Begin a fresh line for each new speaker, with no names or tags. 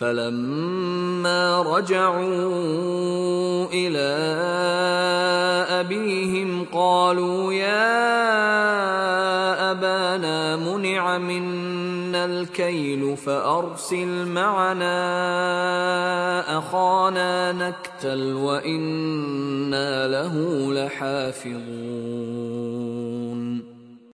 فلما رجعوا الى ابيهم قالوا يا ابانا منع منا الكيل فارسل معنا اخانا نكتل وانا له لحافظون